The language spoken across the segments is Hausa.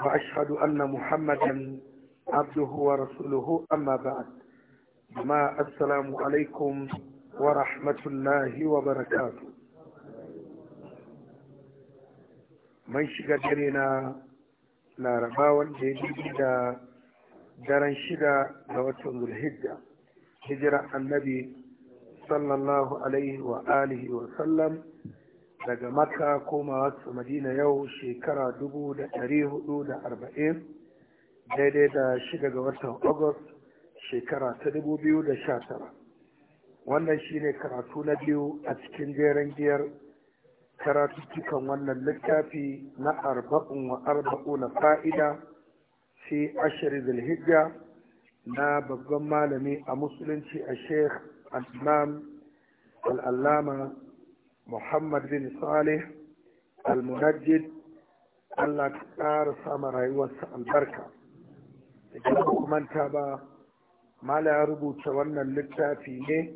وأشهد أن محمدا عبده ورسوله أما بعد ما السلام عليكم ورحمة الله وبركاته من شكرنا لاربا والجديد daren shida ga watan zulhijja hijira annabi sallallahu alaihi wa alihi wa sallam daga makka komawa su madina yau shekara dubu da ɗari hudu da arba'in daidai da shi ga watan agust shekara ta dubu biyu da sha tara wannan shine karatu na biyu a cikin jeren giyar karatuttukan wannan littafi na arba'un wa arba'u na fa'ida fi ashirin zulhijja na babban malami a musulunci a sheikh al-imam al-allama muhammad bin salih al-munajjid allah ta ƙara sama rayuwarsa albarka da manta ba mala ya rubuta wannan littafi ne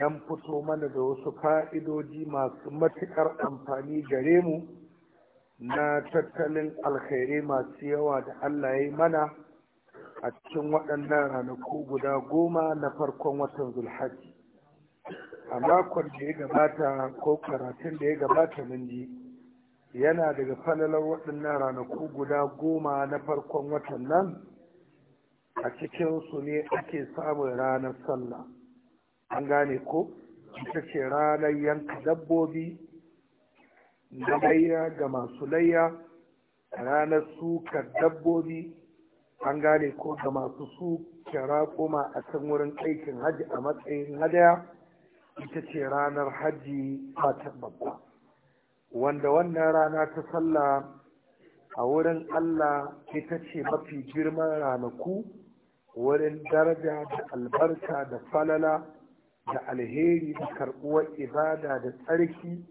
don fito mana da wasu fa'idoji masu matuƙar amfani gare mu na tattalin alkhairai masu yawa da allah ya yi mana a cikin waɗannan ranaku guda goma na farkon watan zulhaji a makon da ya gabata ko karatun da ya gabata mun ji yana daga falalar waɗannan ranaku guda goma na farkon watan nan a cikinsu ne ake samun ranar sallah an gane ko ita ce ranar yanka dabbobi na layya ga masu layya ranar sukar dabbobi an gane ko ga masu su raƙuma a can wurin aikin hajji a matsayin hadaya ita ce ranar hajji ta babba wanda wannan rana ta sallah a wurin Allah ita ce mafi girman ranaku wurin daraja da albarka da falala da alheri da karɓuwar ibada da tsarki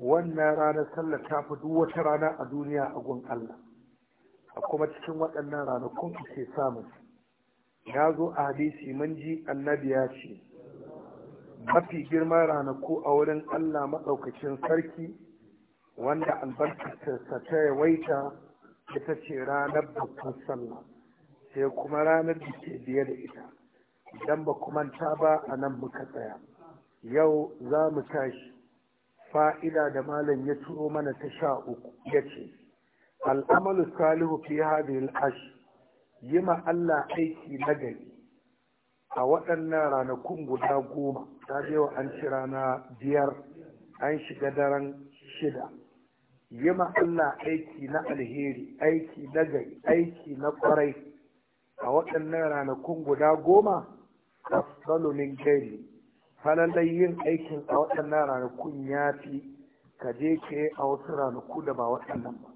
wannan ranar sallah ta fi duk wata rana a duniya a gun Allah a kuma cikin waɗannan ranakun ke samun ya zo a hadisi mun ji annabi ya ce mafi girman ranaku a wurin Allah maɗaukacin sarki wanda albarkatarsa ta yawaita ita ce ranar babban sallah sai kuma ranar da ke biye da ita idan ba manta ba a nan muka tsaya yau za mu tashi fa'ida da malam ya turo mana ta sha uku ya ce al'amalu salihu fi hadhihi al’ash ash yi ma Allah aiki nagari a waɗannan ranakun guda goma ta je wa an ci na biyar an shiga daren shida yi ma Allah aiki na alheri aiki na gari aiki na kwarai a waɗannan ranakun guda goma a min gari falalai yin aikin a waɗannan ranakun ya fi ka je ke a wasu ranaku da ba waɗannan ba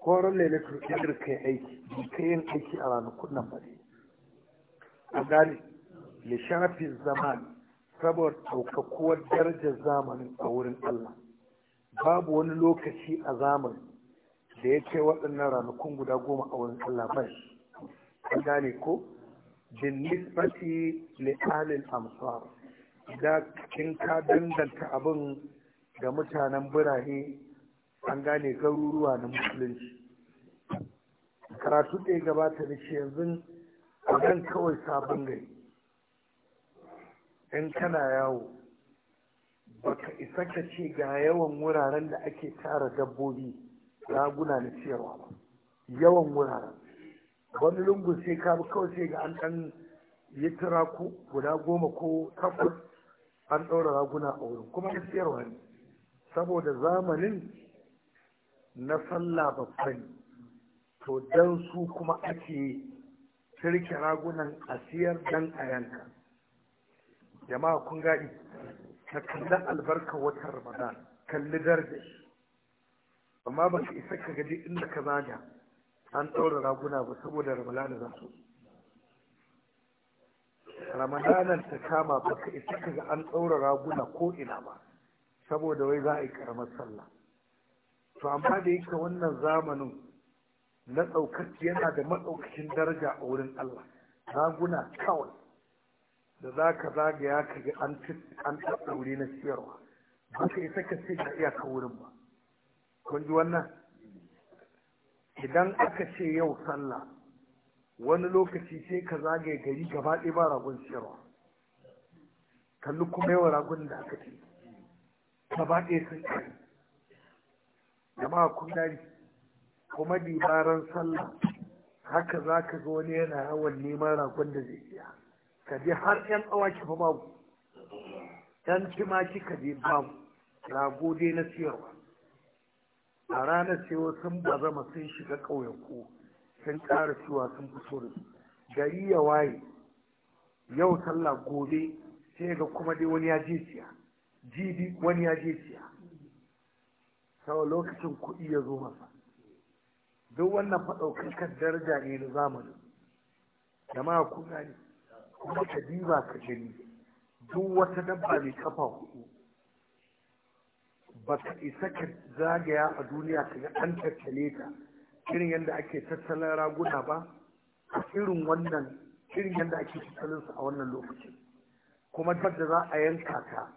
horon lailatul kai aiki bi yin aiki a ranakun nan ba ne a gane li zaman saboda ɗaukakuwar darajar zamanin a wurin Allah babu wani lokaci a da ya ce waɗannan ranakun guda goma a wurin Allah bai an gane ko bin nisbati li alil amsar da kin ka danganta abin da mutanen birane an gane garuruwa na musulunci karatu ɗaya gabata da shi yanzu a kawai sabon gari in kana yawo baka isa ka ce ga yawan wuraren da ake tara dabbobi raguna na ciyarwa ba yawan wuraren wani lungu sai ka kawai sai ga an ɗan yi turaku guda goma ko takwas an ɗaura raguna a wurin kuma na ciyarwa ne saboda zamanin na sallah babban to don su kuma ake shirke ragunan a siyar dan a yanka jama'a kun gadi ka kalli albarka watan ramadan kalli darje amma ba ka isa ka gaji inda ka zaga an ɗaura raguna ba saboda Ramadan za su ramadanan ta kama ba ka isa ka ga an ɗaura raguna ko ina ba saboda wai za a yi karamar sallah to amma da yake wannan zamanin na ɗaukar yana da matsaukacin daraja a wurin Allah raguna kawai da za ka zagaya ka ga an ɗaɗɗaure na siyarwa ba ka isa ka ce ga iyaka wurin ba kun ji wannan idan aka ce yau sallah wani lokaci sai ka zagaya gari gaba ɗaya ba ragon siyarwa kalli kuma yawan ragon da aka ce gaba ɗaya sun kai jama'a kun gari kuma dibaran sallah haka za ka zo wani yana yawan neman ragon da zai siya ka je har yan awaki fa babu yan tumaki ka je babu rago dai na siyarwa a ranar cewa sun zama sun shiga ƙauyen ku. sun ƙara cewa sun fito da su gari ya waye yau sallah gobe sai ga kuma dai wani ya je siya jibi wani ya je siya sau lokacin kuɗi ya zo masa duk wannan kan daraja ne na zamani jama'a kuna ne. kuma ka diba ka gani duk wata dabba mai kafa hudu ba ka isa ka zagaya a duniya ka ga an tattale ta irin yadda ake tattalin raguna ba a irin wannan irin yadda ake tattalin su a wannan lokacin kuma da za a yanka ta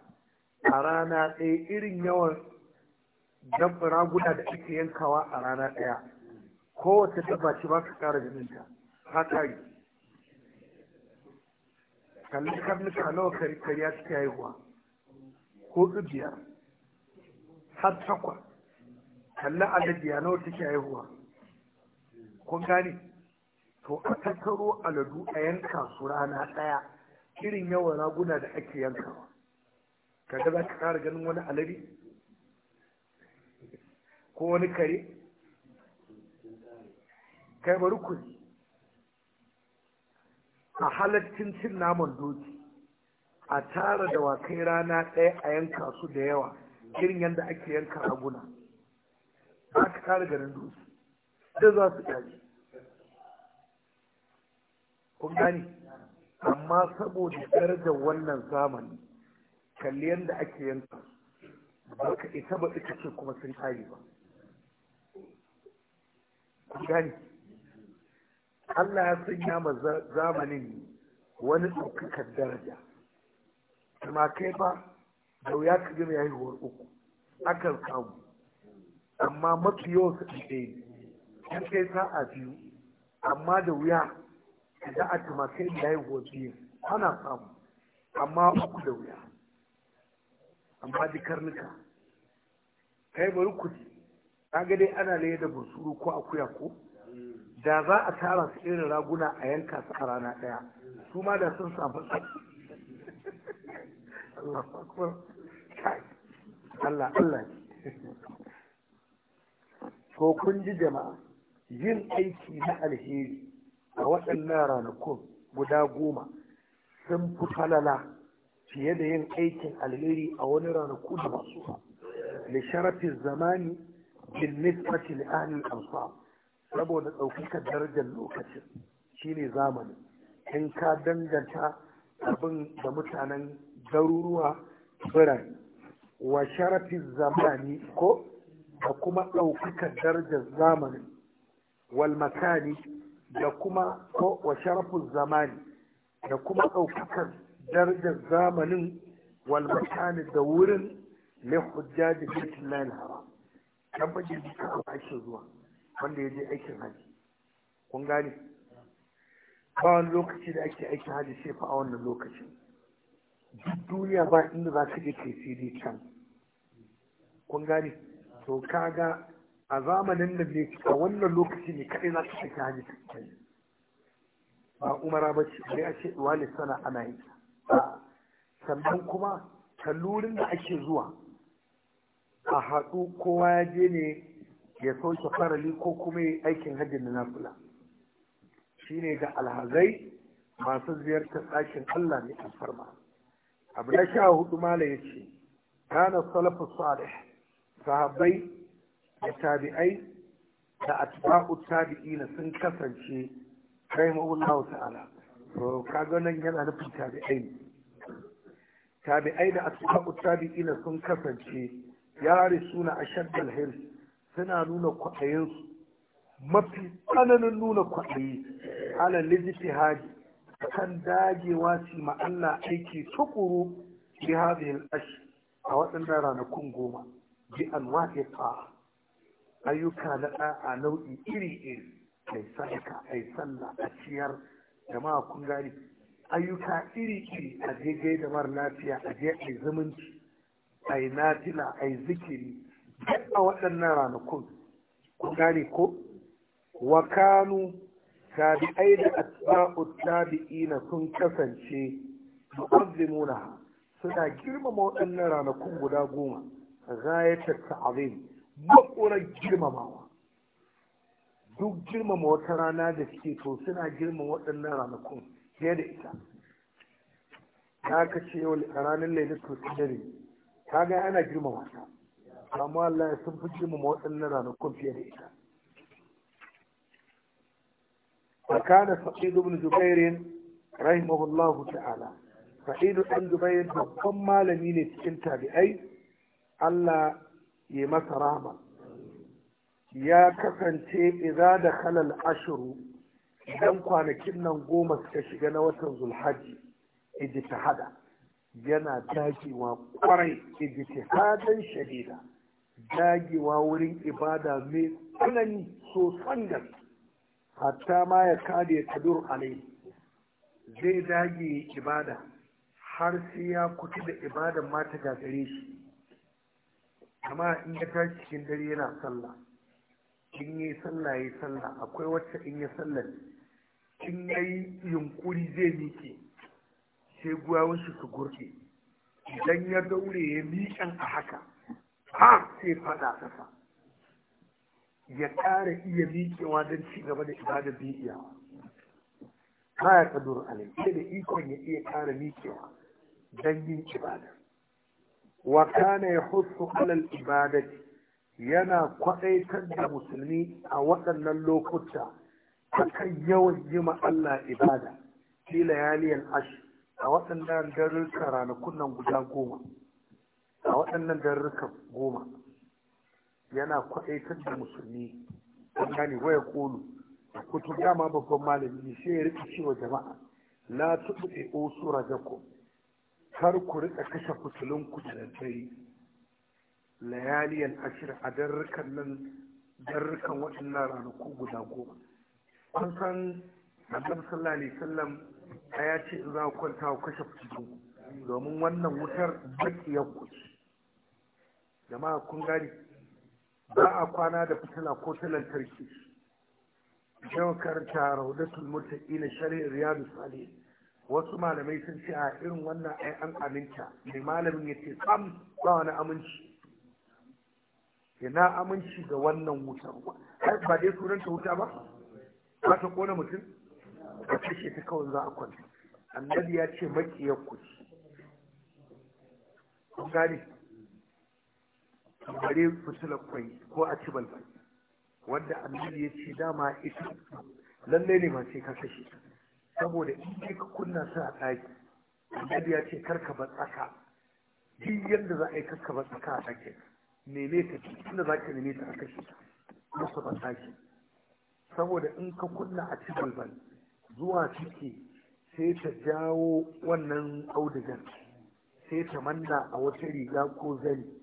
a rana ɗaya irin yawan dabba raguna da ake yankawa a rana ɗaya kowace dabba ce ba ka ƙara ganin ta ta kalli karnuka nawa kariya suke haihuwa ko biyar har takwas kalli ya nawa take haihuwa ko gane to a tattaro aladu a yanka su rana ɗaya irin yawan raguna da ake yankawa kaga za ka ƙara ganin wani alade ko wani kare kai bari ku a halaccin cin naman doki a tara da wakai rana ɗaya a yanka su da yawa irin yadda ake yanka raguna za ka tara garin doki da za su ƙari kun gani amma saboda darajar wannan zamani kalli yadda ake yanka ba ka isa ba ita ce kuma sun ƙari ba kun gani Allah ya sanya ma zamanin wani ɗaukakar daraja kuma kai ba da wuya ka gina ya haihuwar uku akan samu amma mafi yawan su ɗaya ne kai sa'a biyu amma da wuya da a tumakai da haihuwar biyu ana samu amma uku da wuya amma ji karnuka kai bari ku ji ga dai ana laye da bursuru ko akuya ko da za a tara su irin raguna a yanka su a rana ɗaya su ma da sun samu Allah Allah kun ji jama'a yin aiki na alheri a waɗannan ranakun guda goma sun fi falala fiye da yin aikin alheri a wani ranaku da masu li sharafin zamani bin nisbati li ahli saboda ɗaukaka darajar lokacin shine zamani in ka danganta abin da mutanen garuruwa birane wa sharafin zamani ko da kuma ɗaukaka darajar zamani wal makani da kuma ko wa sharafin zamani da kuma ɗaukakar darajar zamanin wal makani da wurin na hujjaji bitin haram tabbajin duka a zuwa wanda ya je aikin haji kun gane ba lokaci da ake aikin haji sai fa a wannan lokacin duk duniya ba inda za ka je kai dai can kun gane to kaga a zamanin da ne a wannan lokaci ne kaɗai za ka aiki haji kai ba umara ba ce bari a ce wali sana ana yi sannan kuma kallurin da ake zuwa a haɗu kowa ya je ne ya sauke farali ko kuma aikin hajji na nafila shine ga alhazai masu ziyartar ɗakin Allah ne a farma. abu na sha hudu mala ya ce kana salafu salih sahabbai da tabi'ai da atba'u tabi'ina sun kasance kai Allah ta'ala to kaga nan yana nufin tabi'ai tabi'ai da atba'u tabi'ina sun kasance ya risuna ashaddal hirs suna nuna kwaɗayensu, mafi tsananin nuna kwaɗayi ala Haji kan dagewa su ma Allah aiki tukuru bi hadhihi al-ash a waɗannan ranakun goma bi anwa'i ayyuka na ɗa'a nau'i iri iri ai sadaka ai sallah a ciyar jama'a kun gani ayyuka iri iri a je da mara lafiya a je ai zumunci ai nafila ai zikiri a waɗannan ranakun ku gane ko wa kanu tabi'ai da asba'u tabi'ina sun kasance mu'azzimuna suna girmama waɗannan ranakun guda goma ghayatar ta'azim maƙurar girmamawa duk girmama wata rana da suke to suna girmama waɗannan ranakun fiye da ita ta ka ce yau ranar lailatul ta ga ana girmama ta amma Allah ya sun fi mu na ranakun fiye da ita فكان سعيد بن جبير رحمه ta'ala, تعالى سعيد Zubairu جبير babban malami ne cikin tabi'ai Allah ya masa rahama ya kasance idza da al ashiru idan kwanakin nan goma suka shiga na watan zulhaji ijtihada yana dakewa kwarai hadan shadida dagewa wurin ibada mai tsanani so gaske hatta ma ya kade dur alai zai dage ibada har sai ya kuci da ibadan ma ta gagare shi amma in ya tashi cikin dare yana sallah in yi sallah ya sallah akwai wacce in ya sallah in ya yi yunkuri zai miƙe sai guwawun wasu su gurɗe idan ya daure ya miƙan a haka ha sai fada ƙasa. ya ƙara iya miƙewa don ci gaba da ibada bi iyawa kaya kadur alim sai da ikon ya iya ƙara miƙewa don yin ibada wa kana ya husu alal yana kwaɗaitar da musulmi a waɗannan lokuta akan yawan yi Allah ibada fila layaliyan ash a waɗannan darurka ranakun nan guda goma a waɗannan darruka goma yana kwaɗaitar da musulmi an gane waya kolu kutu dama babban malami ne sai ya rika cewa jama'a la tuɓe osura osu rajako kar ku rika kashe fitilun ku da dare layaliyan ashir a darrukan nan darrukan waɗannan ranaku guda goma kun san annabi sallallahu alaihi a ya ce in za ku kwanta ku kashe fitilun ku domin wannan wutar bakiyar ku ce jama'a kun gani ba a kwana da fitila ko ta lantarki yawan karanta raudatul mutaqina na shari'ar riyadu salih wasu malamai sun ce a irin wannan ai an aminta mai malamin ya ce sam ba wani aminci ina aminci ga wannan wutar ba dai sunanta wuta ba ba ta kona mutum ba kashe ta kawai za a kwanta annabi ya ce makiyar ku kun gane bare fitilar kwai ko a ci balbal wanda annabi ya ce dama ita lallai ne ba sai ka kashe saboda in dai ka kunna su a ɗaki annabi ya ce karka ba tsaka duk yadda za a yi karka ba tsaka a ɗaki neme ta duk inda za ka nemi ta a kashe ta masa ba tsaki saboda in ka kunna a ci balbal zuwa ciki sai ta jawo wannan audigan sai ta manna a wata riga ko zani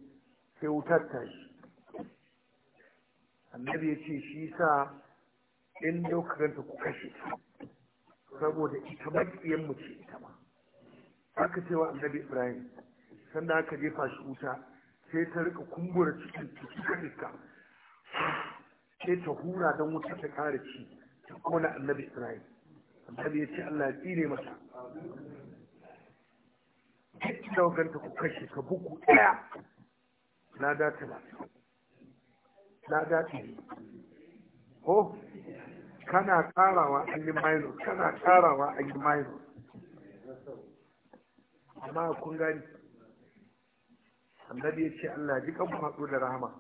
sai wutar ta shi annabi ya ce shi sa in daukaranta ku kashe saboda ita maƙiyan mu ce ita ma aka cewa annabi ibrahim sannan aka jefa shi wuta sai ta rika kumbura cikin cikin sai ta hura don wuta ta kare ci ta kona annabi ibrahim annabi ya ce allah ya tsire masa duk ganta ku kashe ka buku ɗaya Na lada talatin lada ɗari ko kana ƙarawa an yi minus kana ƙarawa an yi minus amma kun gani annabi ya ce Allah ji kan faɗo da rahama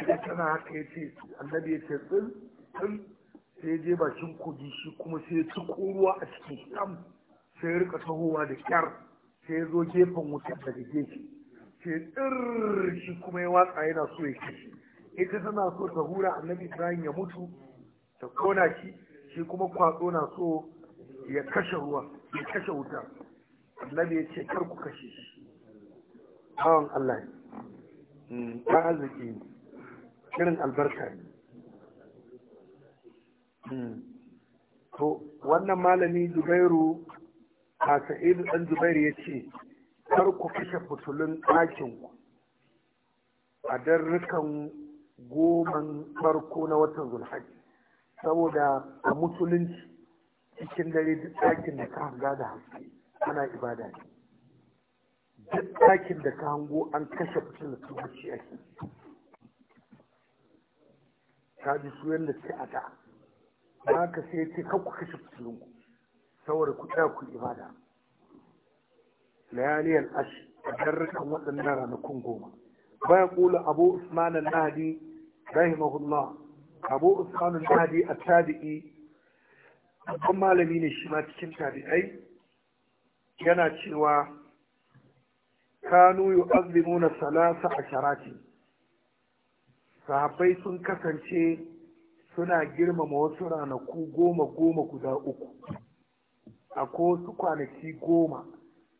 idan tana haka ya ce annabi ya ce tsin tsin sai ya je bakin kogi shi kuma sai ya ci ruwa a cikin sam sai ya rika tahowa da kyar sai ya zo gefen wutar daga gefe ke tsirr shi kuma ya watsa yana so ya kashe ita tana so ta hura annabi ibrahim ya mutu ta kona shi shi kuma kwatso na so ya kashe ruwa ya kashe wuta annabi ya ce kar ku kashe shi bawan allah ne ta mm, arziki ne irin albarka ne mm. to wannan malami zubairu a sa'idu ɗan zubairu ya ce kar ku kashe fitulun ku a darrukan goman farko na watan zulhaji saboda a musulunci cikin dare duk ɗakin da ka hanga da haske ana ibada ne duk ɗakin da ka hango an kashe fitulun tubuci ake ta ji su yadda ce a da ba ka sai ce ku kashe fitulunku saboda ku tsaya ku ibada layaliyar ash a darrukan waɗannan ranakun goma bayan ƙula abu usman al-nahdi rahimahullah abu usman al-nahdi a tabi'i babban malami ne shi ma cikin tabi'ai yana cewa kanu yu'azzimuna salasa a asharati sahabbai sun kasance suna girmama wasu ranaku goma goma guda uku a wasu kwanaki goma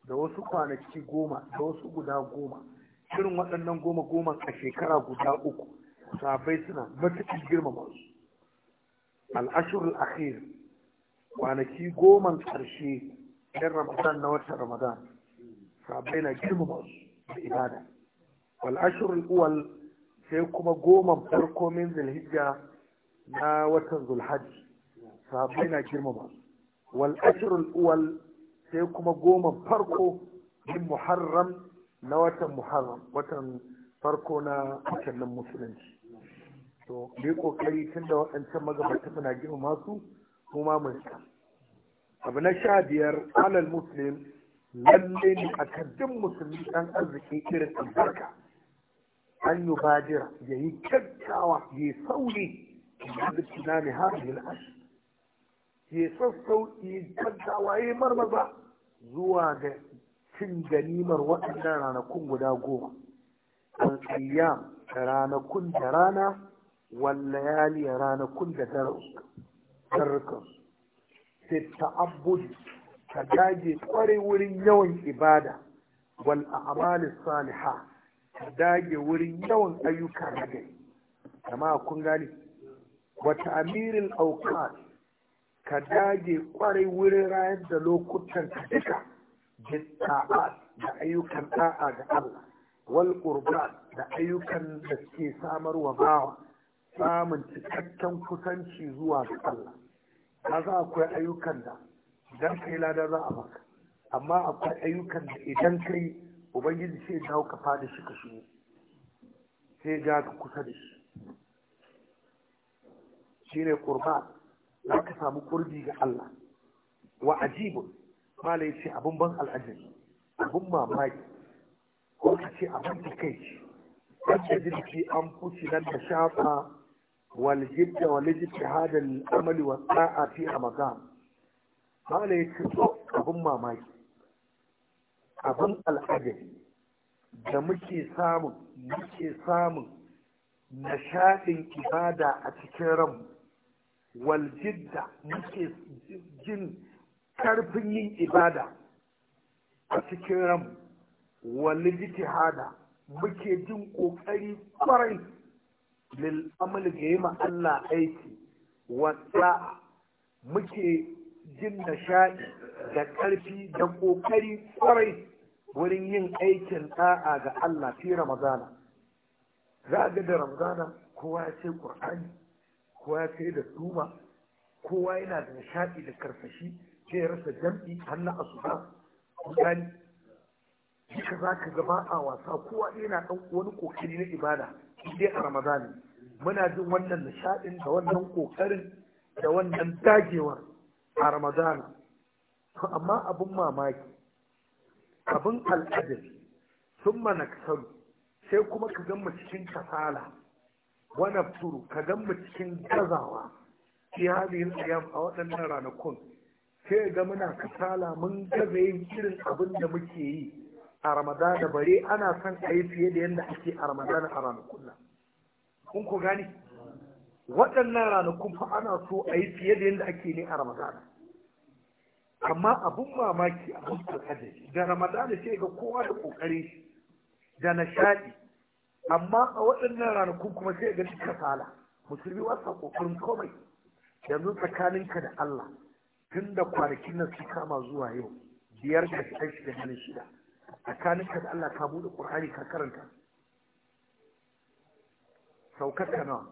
da wasu kwanaki goma da wasu guda goma shirin waɗannan goma goma a shekara guda uku sahabbai suna matuƙin girmama su al'ashirul akhir kwanaki goman ƙarshe yan ramadan na watan ramadan sahabbai na girmama su da ibada wal ashirul uwal sai kuma goman farko min zulhijja na watan zulhajj sahabbai na girmama su wal ashirul uwal sai kuma goma farko din muharram na watan muharram watan farko na nan musulunci to bai kokari tun da waɗancan magabata muna girma su kuma mun sa abu na sha biyar alal muslim lalle ne a kaddin musulmi ɗan arziki irin albarka an yi bajira ya yi kyakkyawa ya yi sauri da zikina ne har yi ya sassauƙi gaggawa ya marmaza zuwa ga cin ganimar waɗannan ranakun guda goma alƙayyam da ranakun da rana wallayali ranakun da darrukan sai ta'abbudi ka dage ƙware wurin yawan ibada wal a'malis saliha ka dage wurin yawan ayyuka na gari jama'a kun gani wa ta'miril ka dage kwarai wurin rayar da lokutan ka duka jitta'a da ayyukan da'a ga Allah wal da ayyukan da suke samar wa bawa samun cikakken kusanci zuwa ga Allah ka za akwai ayyukan da idan kai lada za a baka amma akwai ayyukan da idan kai ubangiji sai ya ka fada shi ka shigo sai ya ka kusa da shi shine qurba za ka samu kurbi ga Allah wa ajibun malai ce abin ban al'ajabi abin mamaki ko ka ce abin da kai ce wanda jirgi an fushi nan da shafa waljibda waljibda hada al'amali wa sa'a fi amaga mala ya ce abin mamaki abin al'ajabi da muke samun muke samun nishaɗin ibada a cikin ranmu waljidda muke jin karfin yin ibada a cikin ran wal muke jin kokari kwarai lil amal ga Allah aiki wata muke jin nishaɗi da ƙarfi da ƙoƙari kwarai wurin yin aikin ɗa'a ga Allah fi Ramadana. Za ga da Ramadana kowa ya ce Ƙur'ani kowa ya kai da tuma kowa yana da nishaɗi da karfashi sai ya rasa jam'i hannu a su misali duka za ka gaba a wasa kowa yana ɗan wani ƙoƙari na ibada dai a ramadani muna jin wannan nishaɗin da wannan ƙoƙarin da wannan dagewar a ramadana to amma abin mamaki abin al'adabi sun manaksaru sai kuma ka gama cikin kasala wani turu ka gan mu cikin gazawa fi hadihin ayyam a waɗannan ranakun sai ga muna kasala mun gaza yin irin abin da muke yi a ramadana bare ana son a yi fiye da yadda ake a ramadana a ranakun nan kun ku gani waɗannan ranakun fa ana so a yi fiye da yadda ake ne a ramadana amma abun mamaki a mutum da ramadana sai ga kowa da ƙoƙari da nishaɗi amma a waɗannan ranakun kuma sai ga cikin kasala musulmi wasa kokarin komai yanzu tsakaninka da Allah tun da kwanakin nan su kama zuwa yau biyar da shi aiki da hannun shida tsakaninka da Allah ka buɗe ƙur'ani ka karanta saukar ka nawa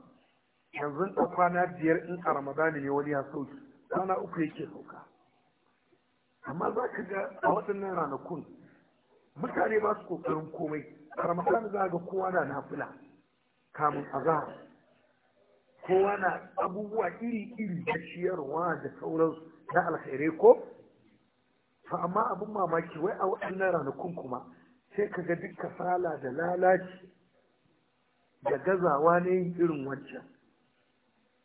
yanzu ta kwana biyar in a ramadani ne wani ya sauki kwana uku yake sauka amma za ka ga a waɗannan ranakun mutane ba su kokarin komai ramadan za ga kowa na nafila kamun za kowa na abubuwa iri-iri da ciyarwa da sauransu na alkhairai ko fa amma abin mamaki wai a waɗannan ranakun kuma sai ka ga duk kasala da lalaci da gazawa ne yin irin wancan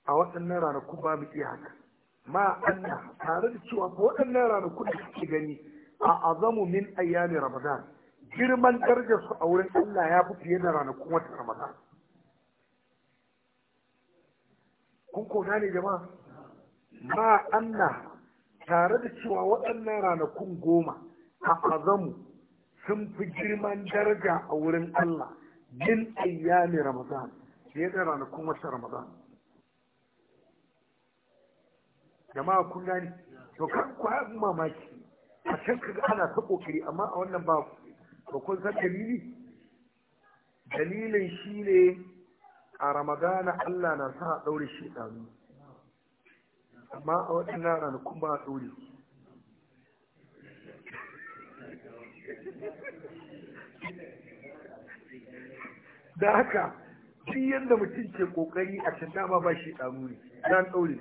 a waɗannan ranakun mu iya haka ma anna tare da cewa waɗannan ranakun da suke gani a azamu min ayyami ramadan girman darajar su a wurin Allah ya fi fiye da ranakun wata Ramadan kun kona ne jama'a ma Allah tare da cewa waɗannan ranakun goma a azamu sun fi girman daraja a wurin Allah ayya ayyami Ramadan fiye da ranakun wata Ramadan jama'a kun gani to kan ku mamaki a can kaga ana ta kokiri amma a wannan babu to kun san dalili dalilin shi ne a ramadana allah na sa a ɗaure shaidanu amma a waɗannan ranakun ba a ɗaure da haka shi yadda mutum ke kokari a can dama ba shi ɗanu ne ɗan ɗaure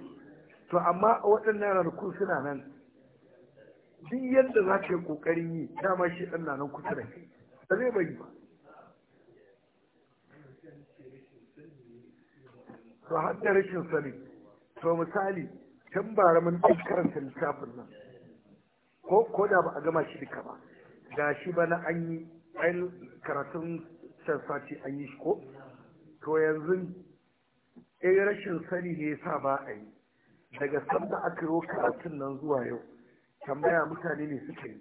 to amma a waɗannan ranakun suna nan duk yadda za ka yi ƙoƙarin yi dama shi ɗan na nan kusa da kai da zai bai ba to har da rashin sani to misali can bara mun ɗan karanta littafin nan ko da ba a gama shi duka ba ga shi ba na an yi ɗan karatun can sati an yi shi ko to yanzu eh rashin sani ne ya sa ba a yi daga sanda aka yi karatun nan zuwa yau tambaya mutane ne suke yi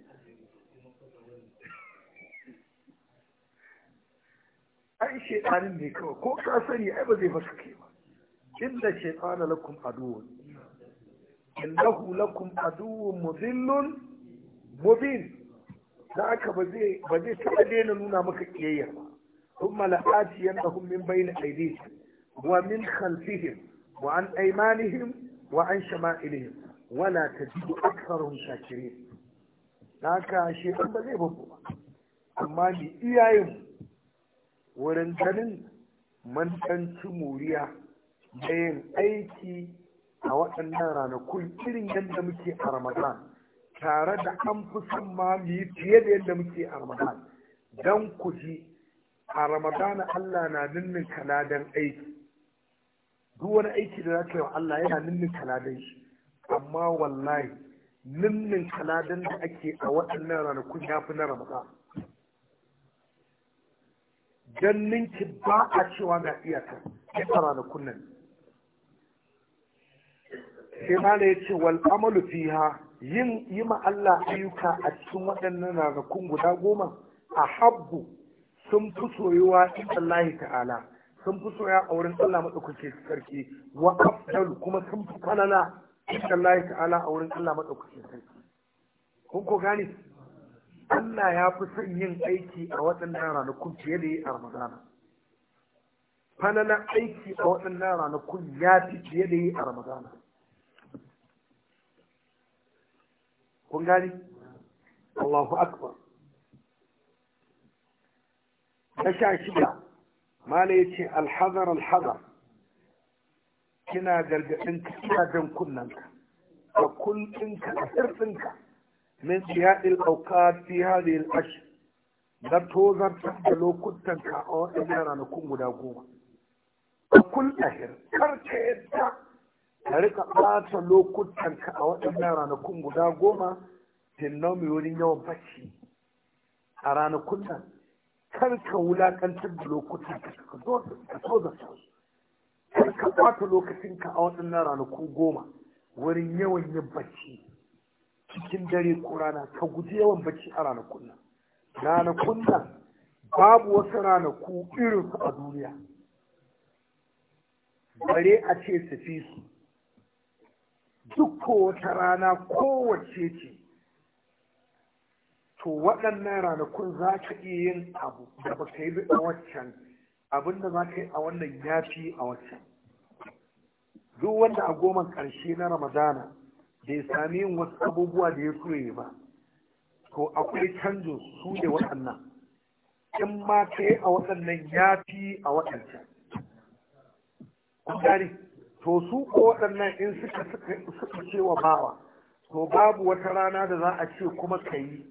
ai shekarun ne kawai ko ka sani ai ba zai ba suke ba inda shekara lakum aduwun innahu lakum aduwun muzillun mubin da aka ba zai taɓa daina nuna maka kiyayya ba ثم لآتينهم wa min khalfihim wa an وعن wa an shama'ilihim wala tajidu aktharuhum shakirin haka shi ba zai babu ba amma ni iyayen wurin ganin mantanci ci muriya da yin aiki a waɗannan ranakun irin yadda muke a ramadan tare da an fi son ma mu fiye da yadda muke a ramadan don ku ji a ramadan allah na ninninka ladan aiki duk wani aiki da za ka yi wa allah yana ninninka ladan shi amma wallahi lullun kaladin da ake a waɗannan ranakun ya fi na ramadan don ninki ba a cewa na iyaka a ranakun nan sai na ya ce wal amalu fiha yin yi ma Allah ayyuka a cikin waɗannan ranakun guda goma a habbu sun fi soyuwa in Allah ta'ala sun fi soya a wurin Allah maɗaukake sarki wa kuma sun fi falala Allah ta'ala a wurin Allah maɗaukakin sarki kun ko gane Allah ya fi son yin aiki a waɗannan ranakun fiye da yi a Ramadana falalan aiki a waɗannan ranakun ya fi fiye da yi a Ramadana kun gane Allahu akbar na sha shida mala ya ce alhazar alhazar kina gargaɗin ka kina jan ka a ka a ka min jihaɗin auka fi hadin ashe na tozartar da ka a waɗannan ranakun guda goma a kulɗahir karka yadda ka rika ɓata ka a waɗannan ranakun guda goma tinnomi wurin yawan bacci a ranakun nan ka wulaƙantar da lokutan ka zo da su kar ka ɓata lokacinka a waɗannan ranaku goma wurin yawan yin bacci cikin dare ko rana ka guji yawan bacci a ranakun nan ranakun nan babu wasu ranaku irinsu a duniya bare a ce su fi su duk kowace rana kowace ce to waɗannan ranakun za ka iya yin abu da ba ka yi waccan abin da za ka yi a wannan ya a wacce duk wanda a goma ƙarshe na ramadana bai sami yin wasu abubuwa da ya soye ba to akwai canjin su ne waɗannan in ma ka yi a waɗannan yafi a waɗancan to su ko waɗannan in suka suka ce wa bawa to babu wata rana da za a ce kuma ka yi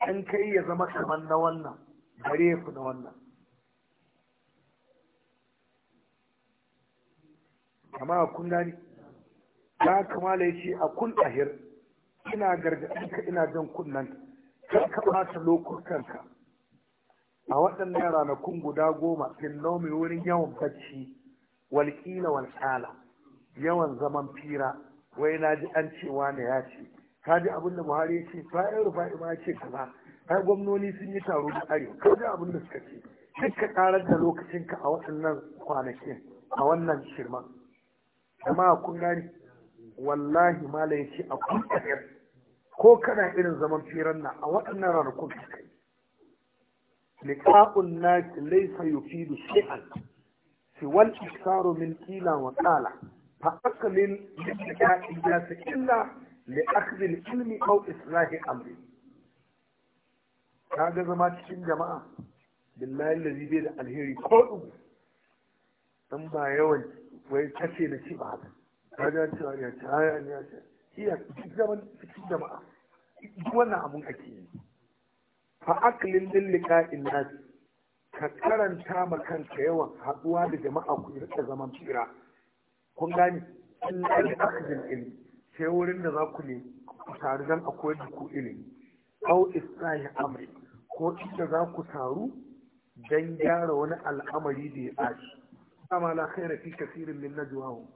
an ka ya zama kamar na wannan gare ku na wannan amma kun gani ya kamala ya ce a kun ahir ina ka ina jan kunnan ka ka ɓata lokutanka a waɗannan ranakun guda goma fillomi wurin yawan bacci walƙila walƙala yawan zaman fira wai na ji an cewa na ya ce ka ji abin da buhari ya ce bayan rufa'i ma ya ce kaza ai gwamnoni sun yi taro da arewa ka ji abin da suka ce duk ka ƙarar da lokacinka a waɗannan kwanakin a wannan shirman amma kun gani wallahi malai ya ce a kuɗaɗe ko kana irin zaman firan nan a waɗannan ranakun ka kai liqa'un nas laysa yufidu shay'an wal iksaru min qila wa qala fa ya liqa'i ta, illa li akhdhi al-ilmi aw islahi amri kaga zama cikin jama'a billahi allazi bai da alheri ko dubu dan ba yawanci wai kace da shi ba haka ga cewa ya ci haya ne ya ce, iya duk zaman cikin jama'a duk wannan abun ake yi fa aklin dillika innas ka karanta ma kanka yawan haɗuwa da jama'a ku rika zaman tsira. kun gane in da akhzil ilmi sai wurin da za ku ne ku taru dan a koyar da ku ilimi au islahi amri ko inda za ku taru dan gyara wani al'amari da ya tsaci kama la khaira fi kathirin min najwahum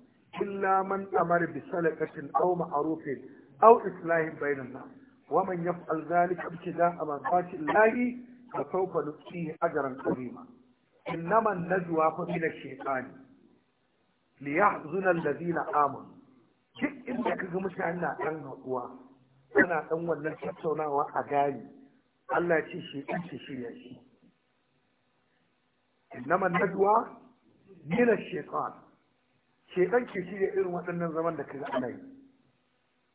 illa man amara bi sadaqatin aw ma'rufin aw islahin bainan nas wa man yaf'al dhalika ibtida'a marzati llahi fa sawfa nu'tihi ajran karima innama an-najwa fa min ash-shaytan liyahzuna alladhina amanu duk inda kaga mutane na ɗan hakuwa tana ɗan wannan tattaunawa a gari Allah ce shi ɗan shi shirya shi innama najwa mina shaitan shaitan ke shirya irin waɗannan zaman da kaga ana yi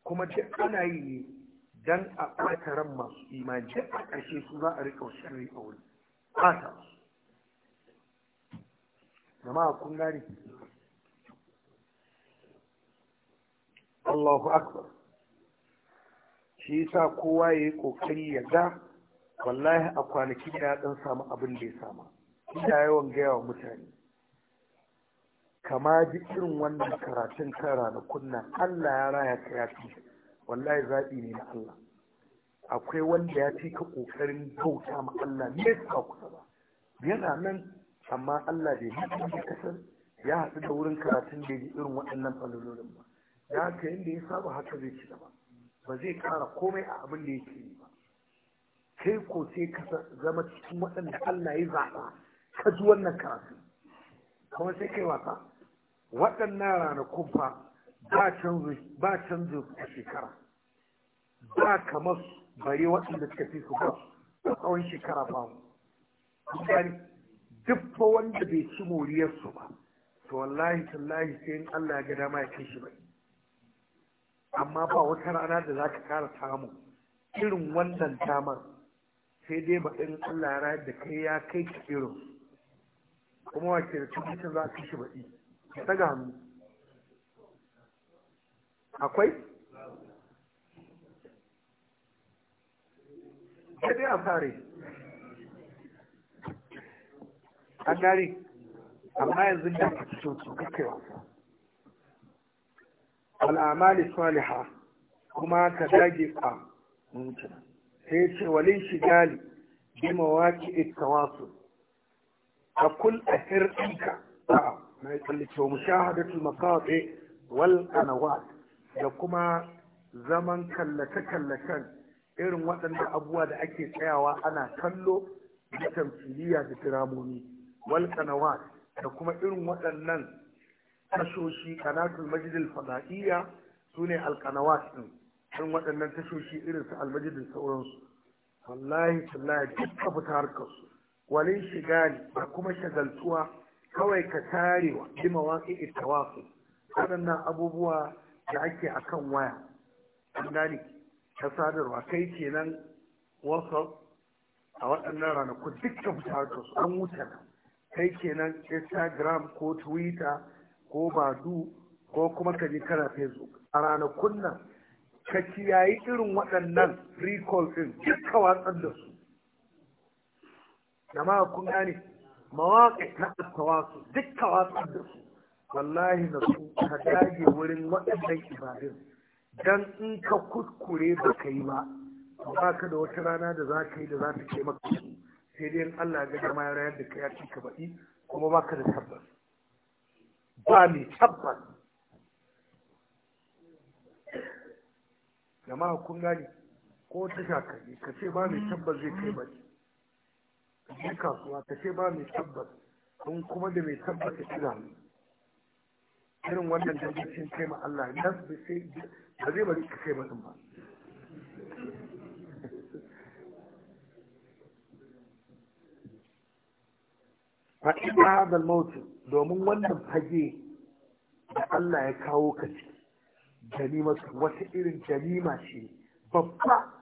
kuma duk ana yi ne dan a ɓata ran masu imani duk a ƙarshe su za a riƙa sharri a wuri ɓata su jama'a kun gane Allahu akbar shi yasa kowa ya yi ƙoƙari ya ga wallahi a kwanaki ya ɗan samu abin da ya sama ina yawan gaya wa mutane kama ji irin wannan karatun kan ranakun nan Allah ya raya ka ya fi wallahi zaɓi ne na Allah akwai wanda ya fi ka ƙoƙarin bauta ma Allah ne ka kusa ba yana nan amma Allah bai haɗu da kasar ya haɗu da wurin karatun da ya irin waɗannan ɓangarorin ba ya haka yadda ya saba haka zai ci gaba ba zai ƙara komai a abin da yake yi ba kai ko sai ka zama cikin waɗanda Allah ya zaɓa ka ji wannan karatu kamar sai kai wasa waɗannan ranakun fa ba canzu a shekara ba kamar bare waɗanda suka fi su ba a tsawon shekara ba misali duk fa wanda bai ci moriyarsu ba to wallahi tallahi sai in Allah ya ga dama ya kai shi bai amma ba wata rana da za ka kara samu irin wannan damar sai dai ba in Allah ya da kai ya kai ka irin kuma wace da cikin za ka shi baɗi ya daga hannu akwai sai a fare an gari amma yanzu da ka fito su kakai wasa al'amali saliha kuma ka dage a mutum sai ce walin shigali bi mawaki wasu. a kul a hirɗinka a'a na kallice mushahadatul maqati wal qanawat da kuma zaman kallace kallacen irin waɗanda abubuwa da ake tsayawa ana kallo da tamfiliya da tiramomi wal qanawat da kuma irin waɗannan tashoshi kanatul majidil fada'iyya sune ne qanawat din irin waɗannan tashoshi irin su al sauransu wallahi tallahi duk ka fita harkar walin shigali da kuma shagaltuwa kawai ka tare wa bi mawaƙi tawafi waɗannan abubuwa da ake a kan waya an ta sadarwa kai kenan whatsapp a waɗannan ranakun dukkan fitawarta su an wuce nan kai kenan instagram ko twitter ko badu ko kuma ka je kana facebook a ranakun nan ka kiyayi irin waɗannan recall ɗin dukkan watsar da su jama'a kun gane mawaƙi na tawasu duk tawasu da su wallahi na su ka dage wurin waɗannan ibadun don in ka kuskure ba ka yi ba ba ka da wata rana da za ka yi da za ta ke maka sai dai Allah ga dama ya rayar da ka ya ka baɗi kuma ba ka da tabbas ba mai tabbas jama'a kun gani ko ta shakari ka ce ba mai tabbas zai kai baɗi je kasuwa ta ce ba mai tabbas don kuma da mai tabbas ya ci irin wannan dangacin kai ma Allah ya ba zai bari ka kai ba ba fa in hadal maut domin wannan fage da Allah ya kawo ka ci ganima wata irin ganima ce babba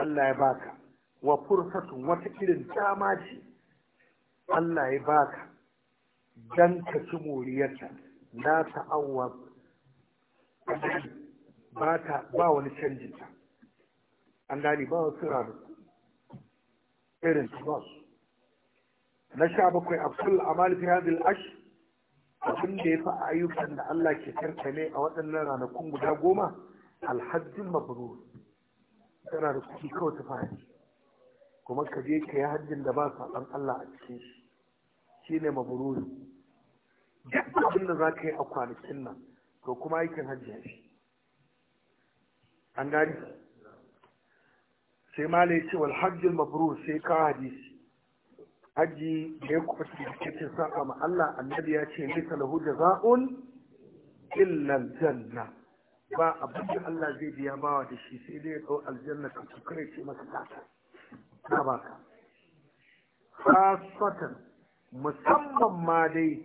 Allah ya baka wa fursatun wata irin dama ce Allah ya baka don ka ci moriyarta na ta'awwa ba ba wani canjin ta an gane ba wasu ranaku irin ta ba su na sha bakwai a abdul amal fi hadil ash abin da ya fi ayyukan da Allah ke ne a waɗannan ranakun guda goma alhajjin mabrur tana da kuɗi kawai ta fahimci kuma ka je ka yi hajjin da ba saɓan Allah a cikin shi shi ne mabururi duk abin da za ka yi a kwanakin nan to kuma aikin hajji ya shi an gani sai ma ne ce wal hajjin maburur sai ka hadisi hajji da ya kuma cikin sa'a ma Allah annabi ya ce nisa lahu za'un illan janna ba abin da Allah zai biya bawa da shi sai dai ya ɗau aljanna ka tukare ce masa tata ta baka khasatan musamman ma dai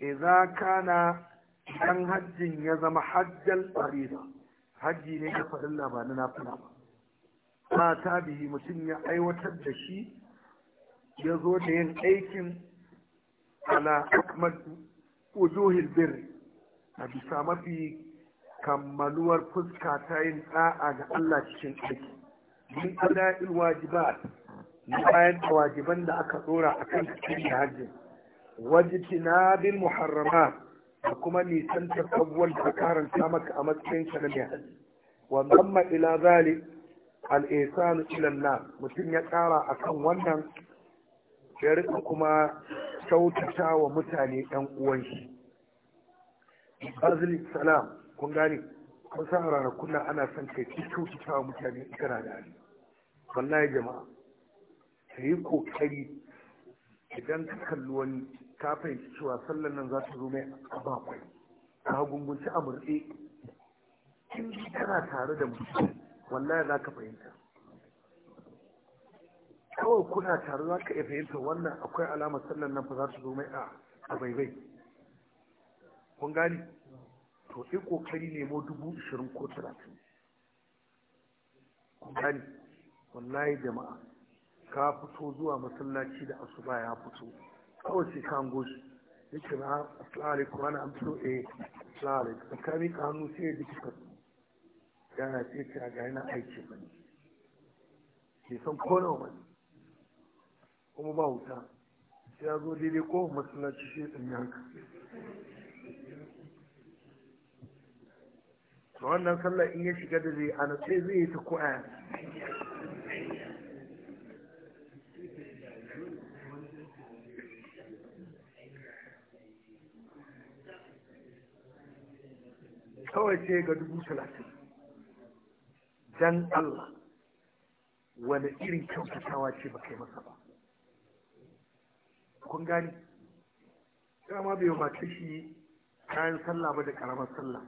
idza kana dan hajjin ya zama hajjal farida hajji ne ga farin ba na nafila ba ma ta bihi mutum ya aiwatar da shi ya zo da yin aikin ala akmal wujuhil birri a bisa mafi kammaluwar fuska ta yin da'a ga Allah cikin aiki min ada'il wajibat na bayan da wajiban da aka tsora a kan cikin da hajji wajibina bil muharrama da kuma nisan abubuwan da karanta maka a matsayin ka na mai hajji wa mamma ila zali, al-ihsanu ila mutum ya kara akan wannan ya rika kuma kyautata wa mutane ɗan uwan shi azalik salam kun gane kun sa ranakun ana son kai kyautata wa mutane kana da hali wallahi jama'a Ta yi kokari idan ka kalli wani ka fahimci cewa sallan nan za ta zo mai a bakwai ka gungunci a murɗe in kana tare da mutum wallahi za ka fahimta kawai kuna tare za ka iya fahimta wannan akwai alamar sallar nan fa za ta zo mai a baibai kun gani to sai kokari nemo dubu ishirin ko talatin kun gani wallahi jama'a ka fito zuwa masallaci da asuba ya fito kawai sai ka shi yake na asalari kuma na amfito eh, a asalari tsakanin ka hannu sai ya ji kika yana ce ka ga yana na aiki ba ne bai san kona ba ne kuma ba wuta sai ya zo daidai ko masallaci sai ya yanka wannan sallar in ya shiga da zai ana sai zai yi ta koya kawai sai ga dubu talatin dan Allah wani irin kyautatawa ce ba kai masa ba kun gani dama bai wa shi kayan sallah ba da karamar sallah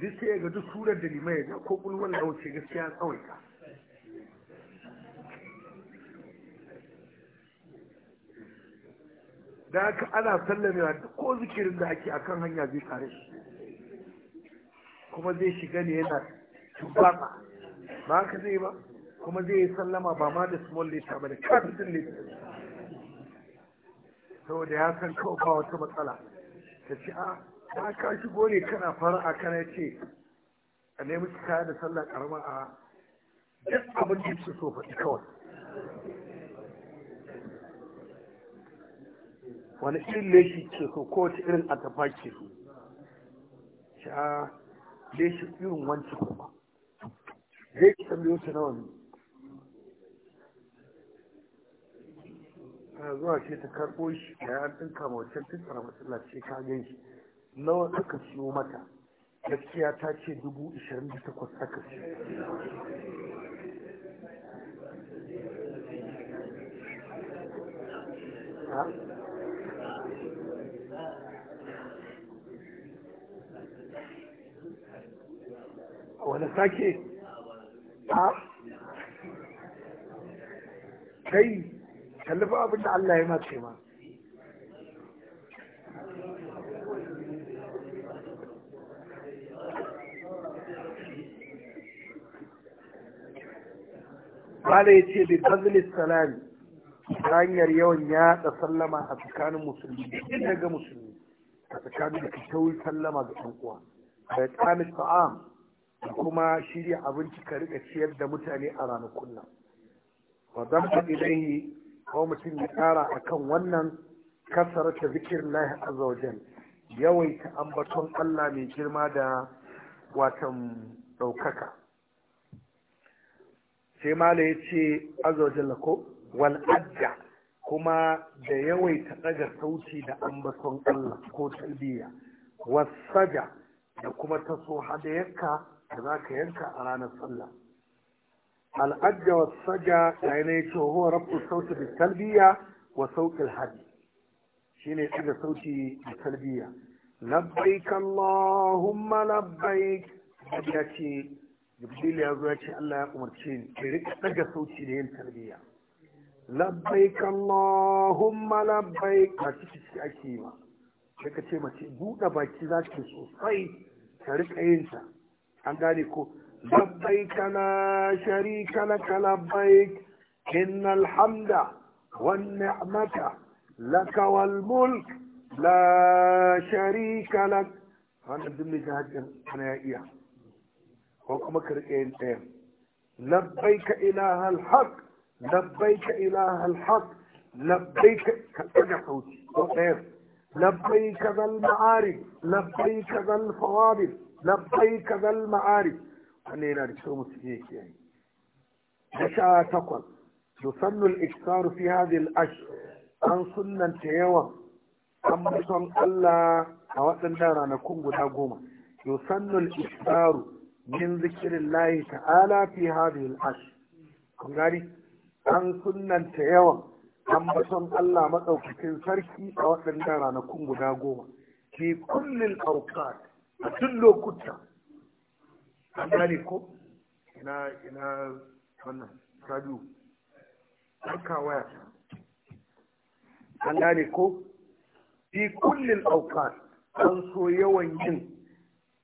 duk sai ga duk surar da limai ya ko kulwar da wuce gaskiya tsawaita da aka ana sallamewa duk ko zikirin da ake akan hanya zai kare shi kuma zai shiga ne yana tubaka ba ka zai ba kuma zai yi sallama ba ma da small letter ba da capital letter saboda ya san kawai ba wata matsala ta ce a ah, ta ka shigo ne kana fara'a kana ce a nemi kaya da sallah karama a duk abin da su so faɗi kawai wani irin leshi ce so kowace irin tafa ke so sha leshi irin wancan kuma zai ki tambayo ta nawa ne zuwa ce ta karɓo shi ga ya ɗinka ma wancan tun tsara masallaci ka gan shi nawa suka siyo mata gaskiya ta ce dubu ishirin da takwas aka siyo wani sake Ta kai kalli abin da Allah ya mace ma bala ya ce bi fazlis salami ta hanyar yawan yaɗa sallama a tsakanin musulmi inda ga musulmi a tsakanin da sallama ga ɗan uwa da tsamin ta'am da kuma shirya abinci ka rika ciyar da mutane a ranakun nan Ba zan faɗi dai ko mutum ya ƙara kan wannan kasar ta zikir lahi a zaujen yawaita ambaton Allah mai girma da watan ɗaukaka sai mala ya ce azawajalla ko wal'adda kuma da yawaita ɗaga sauti da ambaton Allah ko talbiya wasaja da kuma taso hadayarka da za ka yanka a ranar sallah al'adda wasaja da yana ya ce huwa rabu sauti da talbiya wa sauƙin hadi shine ɗaga sauti da talbiya labbaik Allahumma labbaik ya ce jibril ya zo ya ce Allah ya umarce ni ki rika daga sauci da yin tarbiyya labbaik allahumma labbaik a ciki ake yi ma sai ka ce mace buɗe baki za ki sosai ka rika yin ta an gane ko labbaik la sharika lak labbaik innal hamda wan ni'mata لك والملك لا شريك لك أنا دمي جهد ya iya. ko kuma ka riƙe yin ɗayan labbaika ilaha alhaq ka ilaha alhaq Labbai ka ɗaga sauti ko ɗayan ka zal Labbai ka zal fawadil labbaika zal ma'arif wannan yana da kyau musu iya kiyaye da sha takwas يسن الإكثار في هذه الأشهر أن سنة يوم أما Allah a أولا ranakun guda goma. أقوم يسن الإكثار min ta ala fi hadhihi al-ash kun gani an sunanta yawan an ambaton Allah madaukakin sarki a waɗannan ranakun guda goma fi kullil awqat a duk lokuta an gane ko ina ina wannan sabiu harka waya an gane ko fi kullil awqat an so yawan yin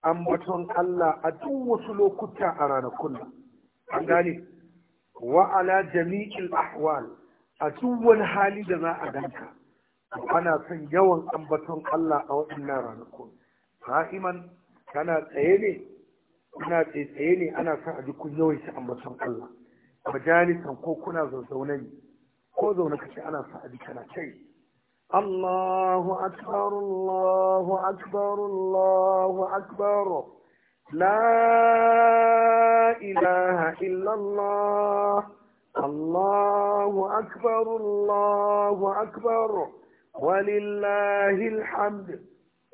ambaton Allah a duk wasu lokuta a ranakun an gane wa ala jami'il ahwal a duk wani hali da za a danka ana son yawan ambaton Allah a waɗannan ranakun ra'iman kana tsaye ne Kuna tsaye ne ana son a ji kun yawaita ambaton Allah majalisan ko kuna zazzaune ne ko zaune kace ana son a ji kana kai الله أكبر الله أكبر الله أكبر لا إله إلا الله الله أكبر الله أكبر ولله الحمد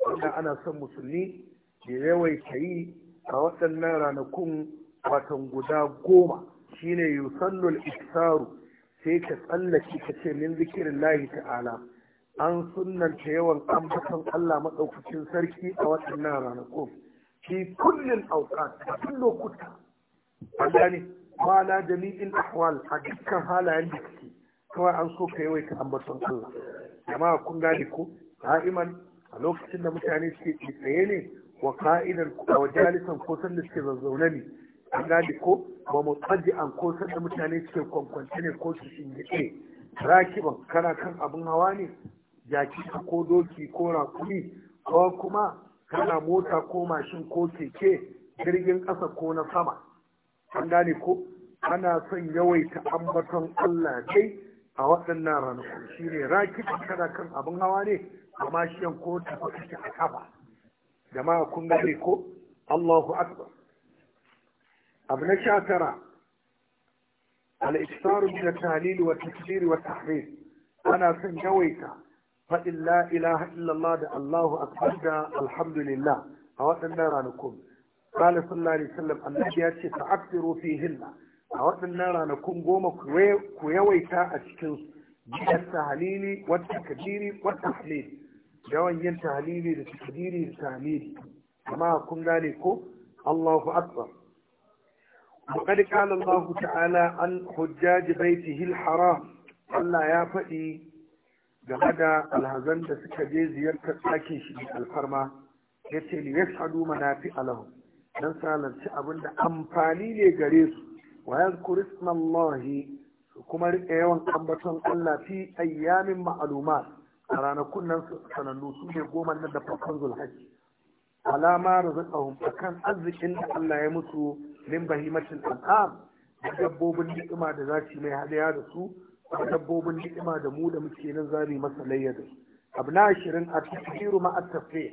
أنا أنا سم جيوي كي أوتن نارا نكون وتنقدا قوما حين يصل الإكسار سيكت أنك كتير من ذكر الله تعالى an sunanta yawan ambaton Allah maɗaukacin sarki a waɗannan ranaku fi kullin auqat a duk lokuta ne gane da jami'in ahwal a dukkan halayen da kake kawai an so ka yawaita ambaton Allah jama'a kun gane ko ha'iman a lokacin da mutane suke tsaye ne wa ka'idan a wajalisan ko sanda suke zazzaune ne an gane ko ba mu tsaji an ko sanda mutane suke kwankwance ne ko su shingiɗe rakiban kana kan abin hawa ne jaki ko doki ko rakumi ko kuma kana mota ko mashin ko keke jirgin ƙasa ko na sama an gane ko ana son yawaita ambaton Allah dai a waɗannan ranaku shi ne rakitan kana kan abin hawa ne a mashiyan ko tafi kake a kafa jama'a kun gane ko Allahu akbar abu na sha tara al-iktaru min at-tahlil wa at-takbir ana son yawaita faɗin la ilaha illallah da Allahu akbar da alhamdulillah a waɗannan ranakun qala sallallahu alaihi annabi ya ce ta'aktiru fihinna a waɗannan ranakun goma ku yawaita a cikin su jiya tahalili wa takbiri wa yawan yin tahalili da takbiri da tahlili amma kun gane ko Allahu akbar وقد قال taala an عن حجاج بيته الحرام الله يا game da alhazan da suka je ziyartar ɗakin shi alfarma ya ce li yashhadu manafi alahu dan salanci abin da amfani ne gare su wa kurisman ismallahi su kuma riƙe yawan ambaton Allah fi ayyamin ma'aluma a ranakun nan sanannu su ne goma nan da farkon zulhajji alama a kan arzikin da Allah ya mutu min bahimatin da dabbobin ni'ima da za su mai haɗaya da su dabbobin ni'ima da mu da muke nan zari masa layya da ashirin a tasiru ma attafe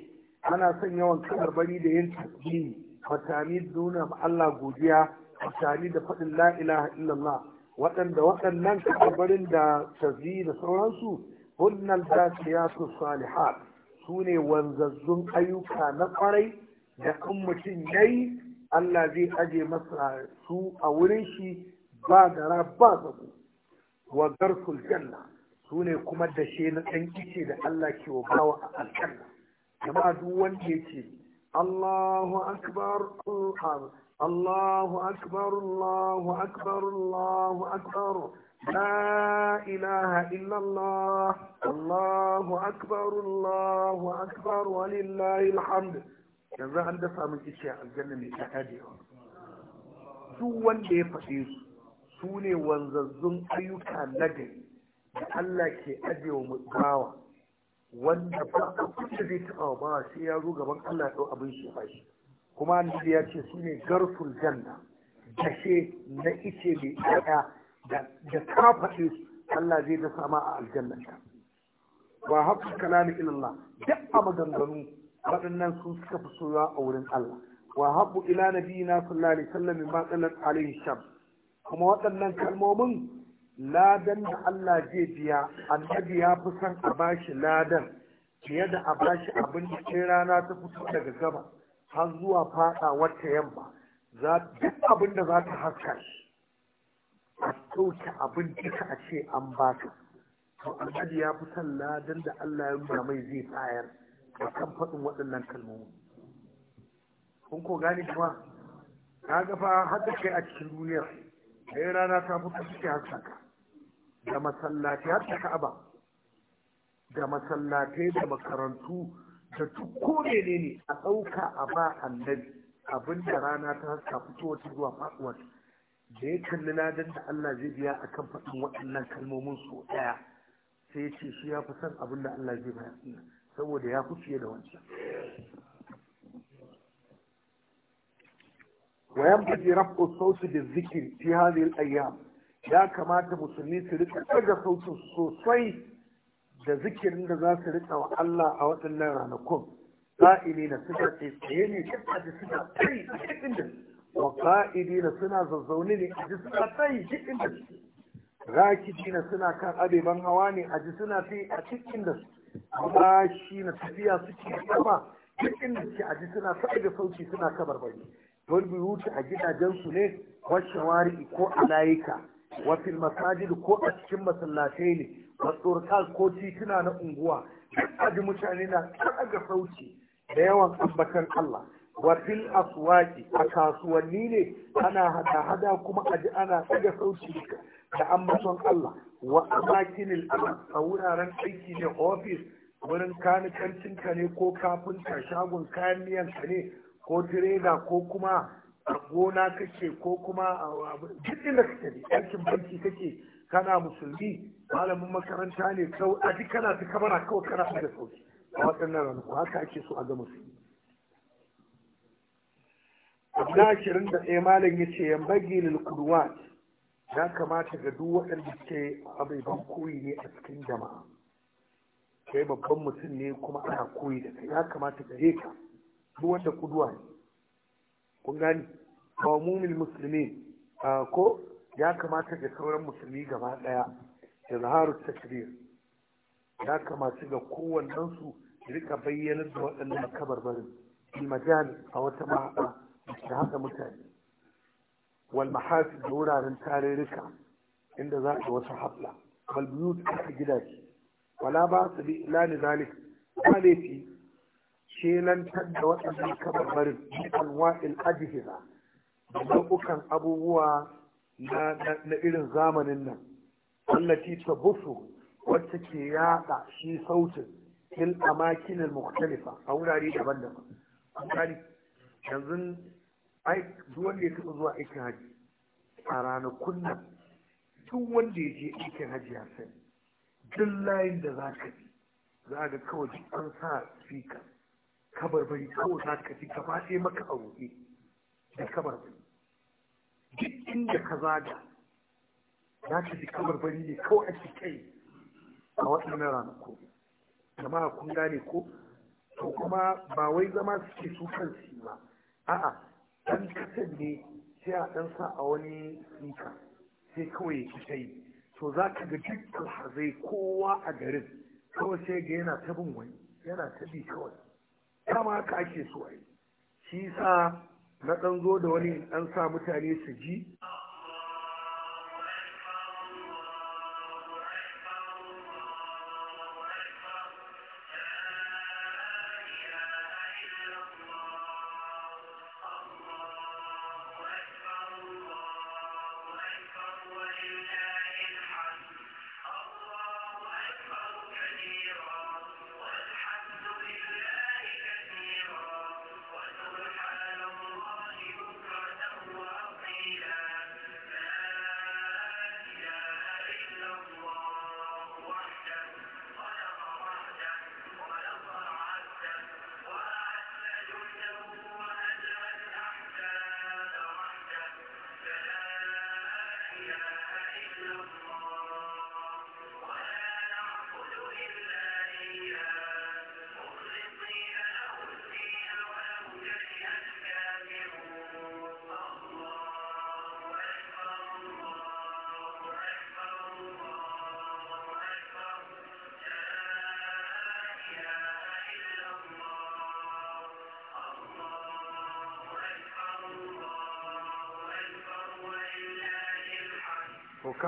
ana son yawan bari da yin tasbihi fatani nuna ma Allah godiya fatani da faɗin la ilaha illallah waɗanda waɗannan kabarbarin da tasbihi da sauransu hunnal zakiyatu salihat su ne wanzazzun ayyuka na kwarai da in mutum yayi Allah zai aje masa su a wurin shi ba gara ba tsako wa garsul janna su ne kuma dashe na ɗan ice da Allah ke wa bawa a aljanna jama'a duk wanda ya ce Allahu akbar Allahu akbar Allahu akbar Allahu akbar لا إله إلا الله الله أكبر الله أكبر ولله الحمد yanzu an dafa min ishiya aljanna mai ta kadewa duk wanda ya faɗe su su ne wanzazzun ayyuka na da Allah ke ajiye wa bawa wanda ba a kusa zai taɓa wa bawa sai ya zo gaban Allah ɗau abin shi shi kuma annabi ya ce su ne garful janna dashe na ice mai ɗaya da kafaɗe Allah zai dasa ma a aljanna ta wa haƙƙa kalamin ilallah duk a maganganu waɗannan sun suka fi soyuwa a wurin Allah wa haɓu ila na sallallahu alaihi wasallam ma tsallat alaihi shams kuma waɗannan kalmomin ladan da Allah zai biya annabi ya fi son a bashi ladan fiye da a bashi abin da ke rana ta fito daga gaba har zuwa faɗa wata yamma duk abin da za ta haska shi a ɗauke abin duka a ce an baka to annabi ya fi son ladan da Allah ya nuna mai zai tsayar, a kan faɗin waɗannan kalmomi kun ko gane kuma ka ga fa haka kai a cikin duniyar sai rana ta fito suke haskaka da masallatai har ta ka'aba da masallatai da makarantu da tukko ne ne a ɗauka a ba annabi abinda rana ta haska wata zuwa faɗuwar da ya kalli ladan da Allah zai biya a kan faɗin waɗannan kalmomin su ɗaya sai ya ce shi ya fi son abin da Allah zai biya saboda ya fi fiye da wancan وينبغي رفع da بالذكر في هذه الأيام يا كما su سرقة أرجع صوت الصوصي da zikirin da za su rika wa Allah a waɗannan ranakun ƙa'ili na suna tsaye ne kifa suna tsayi a cikin da wa ƙa'ili suna zazzaune ne a ji suna tsayi cikin da su rakiji suna kan abeban hawa ne a ji suna tsayi a cikin da su amma shi na tafiya suke kama cikin da su a suna tsayi da sauki suna kabarbari wal wuce a gidajensu ne wal shawari ko a layika wa fil ko a cikin masallatai ne wa ko tituna na unguwa kaji mutane na kaga sauci da yawan ambatan Allah wa asuwaki a kasuwanni ne ana hada hada kuma aji ana tsaga sauci da ambaton Allah wa amakin a wuraren aiki ne ofis? wurin kanikancin ka ne ko kafin kafinta shagon kayan miyanka ne ko tirela ko kuma a gona kake ko kuma duk inda kake ne aikin banki kake kana musulmi malamin makaranta ne kawai a duk kana ta kamara kawai kana da sauki a waɗannan ranaku haka ake so a ga musulmi abu na ashirin da ɗaya malam ya ce yan bagi ya kamata ga duk waɗanda ke abubuwan koyi ne a cikin jama'a kai babban mutum ne kuma ana koyi da ya kamata gare ka ruwan wanda kuduwa ne kun gani ba mumin musulmi ko ya kamata ga sauran musulmi gaba daya izharu takbir ya kamata ga kowannen su rika bayyana da waɗannan kabarbarin fi majali a wata mahaɗa da haɗa mutane wal mahasi da wuraren tarurruka inda za a wasu hafla wal buyut aka gidaje wala ba su bi ila ni zalik ba laifi wata da waɗannan dukan anwa'il ajihiza da nau'ukan abubuwa na irin zamanin nan allati ta bufu wacce ke yaɗa shi sautin fil amakinin mukhtalifa a wurare daban-daban misali yanzu ai duk wanda ya taɓa zuwa aikin haji a ranakun nan duk wanda ya je aikin haji ya sai duk layin da za ka bi za ga kawai an sa speaker bari kawai za ka ji gaba sai maka a roƙe da bari duk inda ka zaga za ka ji bari ne kawai ake kai a waɗannan ranaku jama'a kun gane ko to kuma ba wai zama suke su kansu ba a'a ɗan kasan ne sai a ɗan sa a wani sinka sai kawai ya kita yi to za ka ga duk alhazai kowa a garin kawai sai ga yana ta bin wani yana ta bi kawai kama haka ake so a yi shi sa na ɗan zo da wani in ɗan sa mutane su ji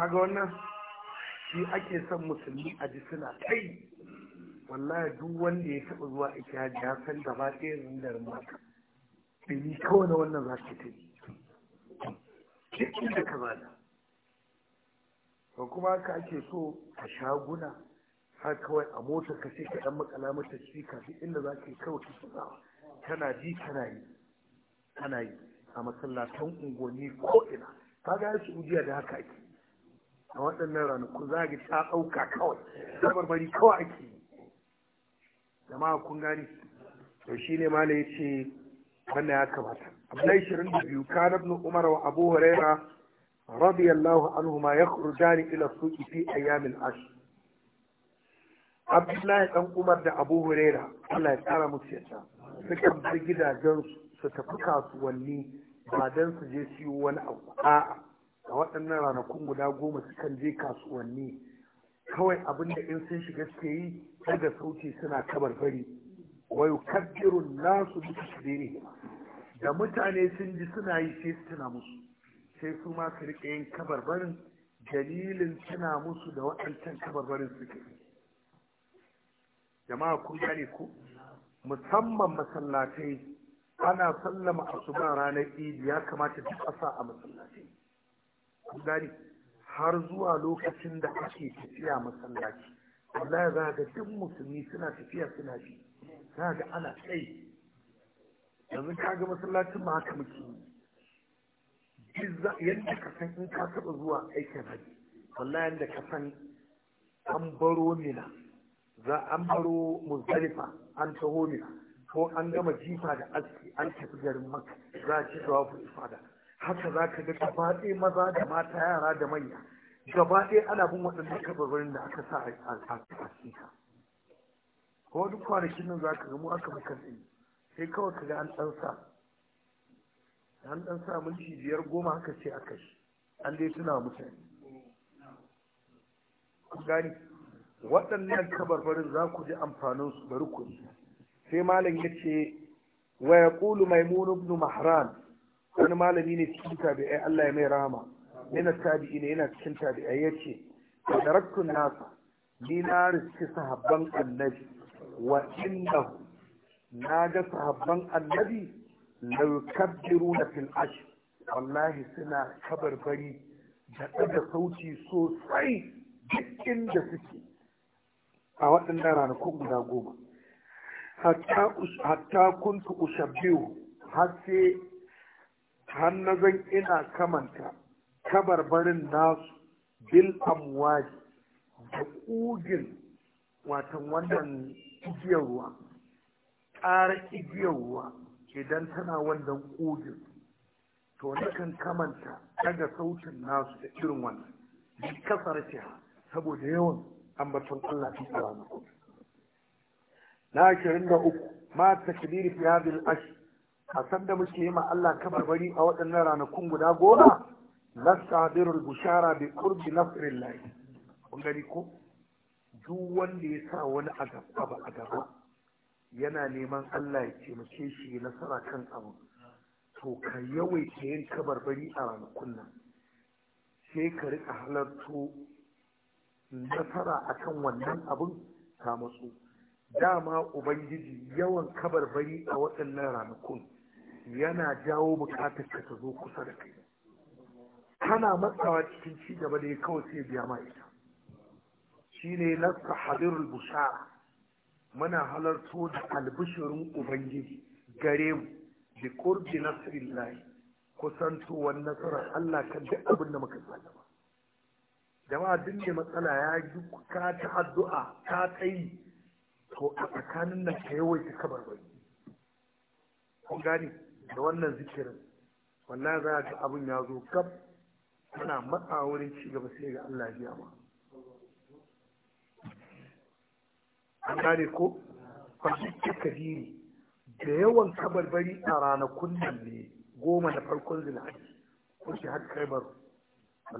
kaga wannan shi ake son musulmi a ji suna kai wallahi duk wanda ya taɓa zuwa ake hajji ya san gaba ɗaya zindarin maka ɗumi kawai na wannan za ta yi cikin da ka bada ba kuma haka ake so a shaguna har kawai a motar ka sai ka ɗan makala mata cika duk inda za ka yi kawai ka tsawa kana ji kana yi kana yi a masallatan unguwanni ko ina kaga ya su ujiya da haka ake a waɗannan ranaku za ga ta ɗauka kawai ta barbari kawai ake yi jama'a kun gani to shi ne mala ya ce wannan ya kamata Abdullahi na da biyu ka ibn umar wa abu huraira radiyallahu anhu ma ya kurjani ila suki fi ayyamin ash abdullahi Ɗan umar da abu huraira allah ya tsara musu yadda sukan bar gidajen su tafi kasuwanni ba don su je siyo wani abu a'a a waɗannan ranakun guda goma sukan je kasuwanni kawai abinda da in sun shiga suke yi da sauti suna kabarbari wa kaddirun nasu bi ne. da mutane sun ji suna yi sai su tuna musu sai su ma su riƙe yin kabarbarin dalilin tuna musu da waɗancan kabarbarin suke jama'a kun gane ku? musamman masallatai ana sallama asuba ranar idi ya kamata duk a a masallaci gani har zuwa lokacin da ake tafiya masallaci wallahi za ga duk musulmi suna tafiya suna bi za ga ana tsaye yanzu ka ga masallacin ma haka muke yi yadda ka san in ka taɓa zuwa aikin haji wallahi yadda ka san an baro mina za an baro muzdalifa an taho mina ko an gama jifa da aski an tafi garin maka za a ci tawafin ifada haka za ka ga gaba maza da mata yara da manya gaba ɗaya ana bin waɗannan kabarin da aka sa a cika ko duk kwanakin nan za ka ga mu aka muka tsaye sai kawai ka ga an ɗan sa an ɗan sa minti biyar goma haka ce aka shi an dai tuna mutane ku gani waɗannan kabarbarin za ku ji amfanin su bari ku sai malam ya ce wa ya ƙulu maimun ibn mahran wani malami ne cikin tabi'ai Allah ya mai rahama yana tabi'i ne yana cikin tabi'ai ya ce tarakkun nasa ni na riski sahabban annabi wa inda na ga sahabban annabi lau na fil ash wallahi suna kabarbari da ɗaga sauci sosai duk inda suke a waɗannan ranakun guda goma hatta kuntu ushabbihu har sai har na zan ina kamanta kabarbarin nasu bil amwaji da ƙugin watan wannan igiyar ruwa ƙara igiyar ruwa idan tana wannan ƙugin to nakan kamanta daga sautin nasu da irin wannan kasar ciha saboda yawan ambaton Allah fi tsara na ashirin da uku ma takdiri fi hadhihi al a san da muke yi ma Allah kabarbari a waɗannan ranakun guda goma sabirul bushara bi qurbi nasrillah kun gani ko duk wanda ya sa wani abu a gaba yana neman Allah ya taimake shi nasara kan abu to ka yawaita yin kabarbari a ranakun nan sai ka rika halarto nasara a kan wannan abin? ta matsu dama ubangiji yawan kabarbari a waɗannan ranakun yana jawo bukatar ka ta zo kusa da kai kana matsawa cikin ci gaba da kawai sai biya ma ita shine nasta hadirul bushara muna halarto da albishirin ubangiji gare mu bi qurbi nasrillahi kusantowar nasarar Allah kan duk abin da muka sallama jama'a duk ne matsala ya yi ka ta addu'a ta tsayi to a tsakanin nan ka yawaita kabarbari kun gane da wannan zikirin Wannan za ga abin ya zo gab ana matsa wurin ci gaba sai ga Allah biya ma an gane ko fasiki kadiri da yawan kabarbari a ranakun nan ne goma na farkon zilhaji ko shi har kaibar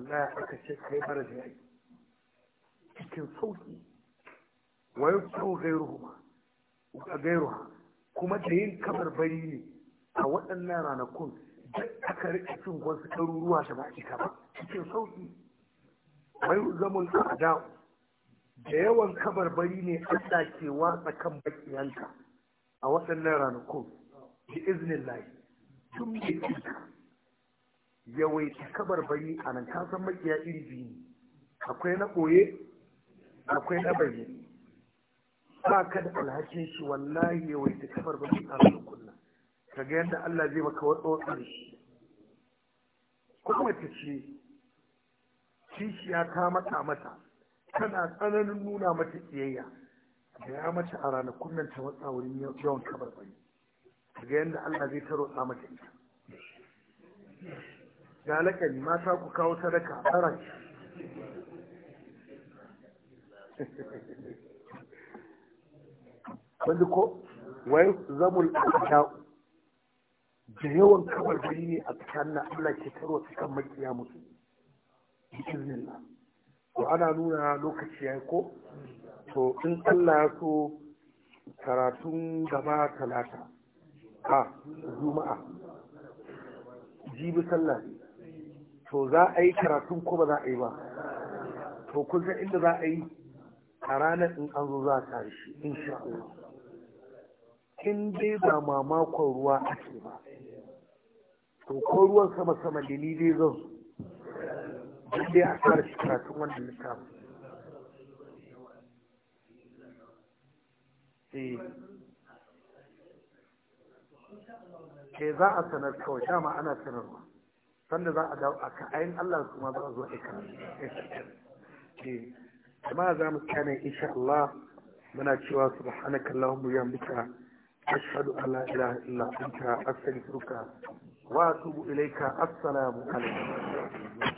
ya aka ce kaibar da yayi cikin sauki wa yau gairuha kuma da yin kabarbari ne a waɗannan ranakun duk aka rike cin wasu ɗaruruwa da ba cika ba cikin sauƙi mai zamun da da yawan kabarbari ne Allah ke watsa kan bakiyanka a waɗannan ranakun bi iznin lahi tun mai cika yawaita kabarbari a nan kasan makiya iri biyu ne akwai na ɓoye akwai na bayyane ba ka da alhakin shi wallahi yawaita kabarbari a ranakun nan ka ga yadda Allah zai maka wato da shi kuma ta ce kishiya ta mata mata tana tsananin nuna mata kiyayya da ya mata a ranar kunnan ta matsa wurin yawan kabarbari ga yadda Allah zai ta roƙa mata ita ga lakani mata ku kawo sadaka a tsara wanda ko wai zamul ada'u da yawan kabar gari ne a tsakanin Allah ke tarwa cikin makiya musu bi'iznillah to ana nuna lokaci ya yi ko to in Allah ya so karatun gaba talata a juma'a jibi sallah to za a yi karatun ko ba za a yi ba to kun inda za a yi a ranar in an zo za a tare shi in sha'o'i in dai ba mamakon ruwa ake ba to ko ruwan sama sama da ni dai zo duk dai a kare shi karatun wannan littafin ke eh. eh, za a sanar kawai dama ana sanarwa sanda za a dawo a ka'ayin Allah su ma za a zo a kare eh. kuma za mu tsane insha Allah muna cewa subhanakallahumma wa bihamdika ashhadu an la ilaha illa anta astaghfiruka wa atubu ilaika assalamu alaikum